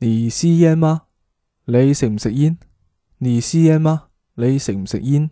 你吸煙嗎？你食唔食煙？你吸煙嗎？你食唔食煙？